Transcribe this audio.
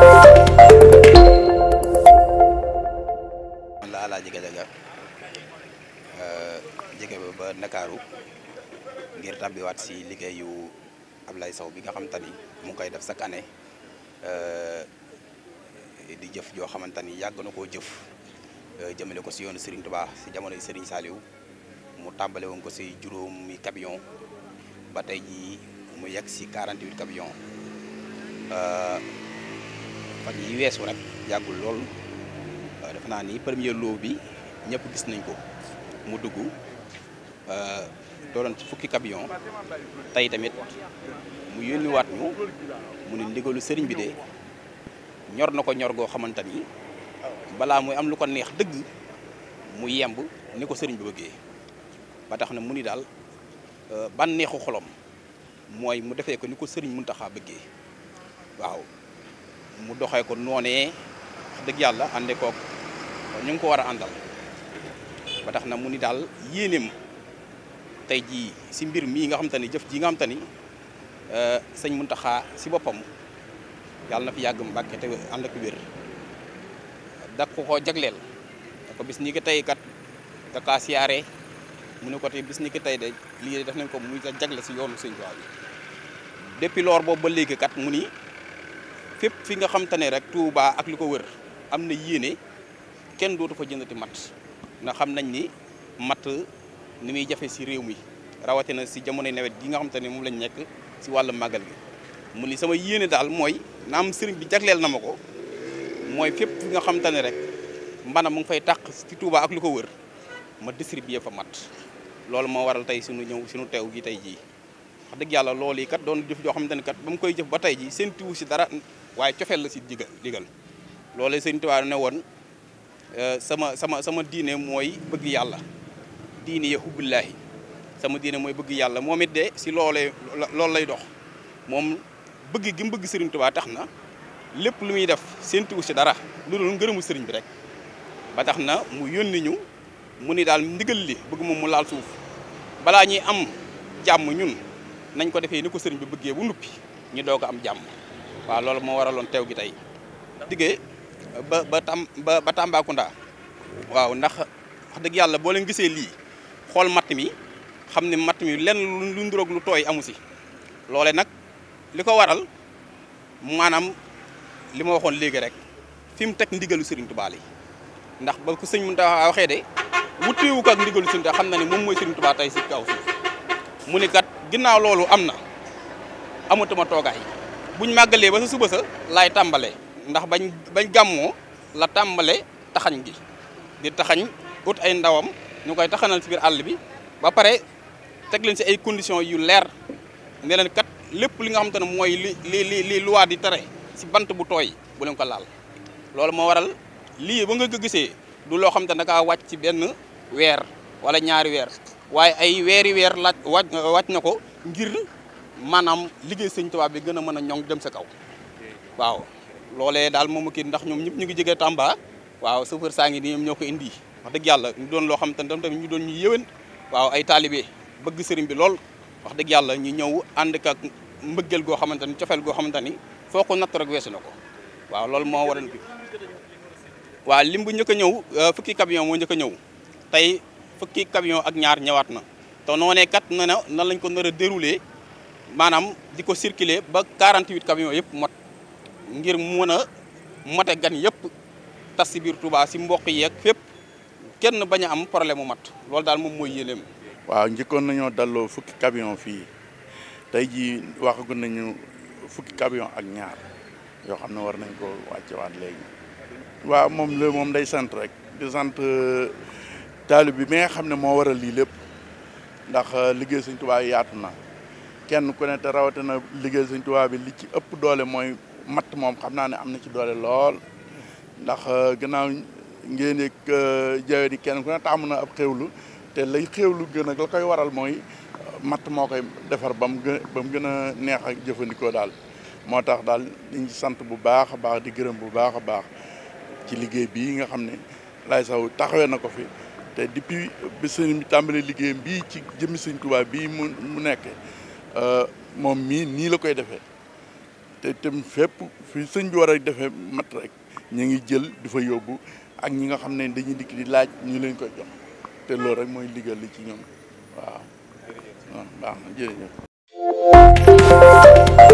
man la Alaaji Gadiaga jege euh, ba Ndakaaru ngir tàbbiwaat si liggéeyu lay Sow bi nga xam te ni mu ngi koy def chaque année euh, di jëf joo xamante ni yàgg na koo jëf euh, jëmale ko si yoonu Serigne Touba si jamonoy Serigne Saliou mu tàmbale ko si juróomi camion ba tey jii mu yegg si 48 camion. fan yi weesu rek yàggul lool euh, defe naa ni premier lot bi ñëpp gis nañ ko mu dugg euh, dooroon ci fukki camion tey tamit mu yónniwaat ñu mu ne ndigalu sëriñ bi de ñor na ko ñor goo xamante ni balaa muy am lu ko neex dëgg mu yemb ni ko sëriñ bi bëggee ba tax na mu ni daal euh, ban neexu xolom mooy mu defee ko ni ko sëriñ Muntaxa bëggee waaw mu doxee ko noonee dëgg yàlla ànde kook ñu ngi ko war a àndal ba tax na mu ni daal yéeneem tey jii si mbir mii nga xam te ni jëf ji nga xam te ni euh, sëñ Muntaxa si boppam yàlla na fi yàgg Mbàkke te ànd ak wér da ko koo jagleel da ko bis ni ko tey kat da kaa siyaare mu ne ko tey bis ni ko tey de lii def nañ ko muy jagle si yoonu sëñ Tuubaa bi loor boobu ba léegi kat mu ni fépp fi nga xam te ne rek Touba ak li ko wër am na yéene kenn dootu fa jëndati mat na xam nañ ni mat ni muy jafe si réew mi rawatina si jamonoy nawet gi nga xam te ne moom lañ nekk si wàllu màggal gi mu ni sama yéene daal mooy naam sëriñ bi jagleel na ma ko mooy fépp fi nga xam te ne rek mbana mu ngi fay tàq si Touba ak li ko wër ma distribuer fa mat loolu moo waral tey suñu ñëw sunu tew gi tey jii wax dëgg yàlla lool yi kat doon jëf joo xamante ne kat ba mu koy jëf ba tey ji seen tiwu si dara waaye cofeel la si digal digal loolee sëñ Tuubaa ne woon euh, sama sama sama diine mooy bëgg yàlla diine ya hubbullaahi sama diine mooy bëgg yàlla moom it de si loole loolu lay dox moom bëgg gi mu bëgg sëriñ Tuubaa tax na lépp lu muy def seen tiwu si dara lu dul ngërëmu sëriñ bi rek ba tax na mu yónni ñu mu ni daal ndigal li bëgg moom mu laal suuf balaa ñuy am jàmm ñun nañ ko defee ni ko sëriñ bi bëggee bu nuppi ñu doog am jàmm waaw loolu moo waraloon teew gi tey. diggee ba ba tam ba ba Tambacounda waaw ndax wax dëgg yàlla boo leen gisee lii xool matt mi xam ne matt mi lenn lu nduroog lu tooy amu si loole nag li ko waral maanaam li ma waxoon léegi rek fi mu teg ndigalu sëriñ Tuubaa yi ndax ba ko sëñ Mountakha waxee de wuteewu ko ak ndigalu sëriñ Tuubaa xam na ne moom mooy sëriñ baa tey si kaw suuf mu ni kat ginnaaw loolu am na amatuma toogaay buñ màggalee ba sa suba sa laay tàmbale ndax bañ bañ gàmmoo la tàmbale taxañ gi di taxañ ut ay ndawam ñu koy taxanal si biir àll bi ba pare teg leen si ay conditions yu leer ne kat lépp li nga xamante ne mooy li li li li di tere si bant bu tooy bu leen ko laal loolu moo waral lii ba nga ko gisee du loo xamante ne da kaa wàcc ci benn weer wala ñaari weer waaye ay weeri weer laaj waaj waaj na ko ngir maanaam liggéey sëñ Tuubaa bi gën a mën a ñoŋ dem sa kaw waaw loolee daal moomu kii ndax ñoom ñëpp ñu ngi jógee Tamba waaw sa chauffeur saa ngi nii ñoom ñoo ko indi wax dëgg yàlla ñu doon loo xam te tamit ñu doon ñu yéwén waaw ay taalibe bëgg sëriñ bi lool wax dëgg yàlla ñu ñëw ànd ak mbëggeel goo xamante ni cofeel goo xamante ni foo ko natt rek weesu na ko waaw loolu moo waral bi waaw lim bu ñëw euh, fukki camion moo njëkk a ñëw fukki camion ak ñaar ñawaat na to noonee kat na na nan lañ ko nar a dérouler maanaam di ko circuler ba 48 camions yëpp mot ngir mën a mote gan yëpp tas si biir Touba si mboq yeeg fépp kenn bañ am problème mu mat loolu daal moom mooy yéeneem. waaw njëkkoon nañoo dalloo fukki camion fii tey jii waxagu nañu fukki camion ak ñaar yoo xam ne war nañ ko wàccewaat léegi. waaw moom la moom day sant rek taalib bi mi nga xam ne moo waral lii lépp ndax euh, liggéey sëñ Tuubaa yaatu na kenn ku ne te rawatina liggéey sëñ tubaab bi li ci ëpp doole mooy matt moom xam naa ne am na ci doole lool ndax euh, gannaaw ngeen ne euh, kenn ku ne na ab xéwlu te lay xéwlu gën a la koy waral mooy matt moo koy defar ba mu gën gën a neex ak jëfandikoo daal moo tax daal dañ sant bu baax a baax di gërëm bu baax a baax ci liggéey bi nga xam ne lay saw taxawee na ko fi te depuis bi sëñ bi tàmbalee liggéeyam bii ci jëmmi sëñ Tuubaa bii mu mu nekk euh, moom mii nii la koy defee te itam fépp fi sëñ bi war a defee mat rek ñu ngi jël di fa yóbbu ak ñi nga xam ne dañuy dikk di laaj ñu leen koy jox te loolu rek mooy liggéey li ci ñoom waaw.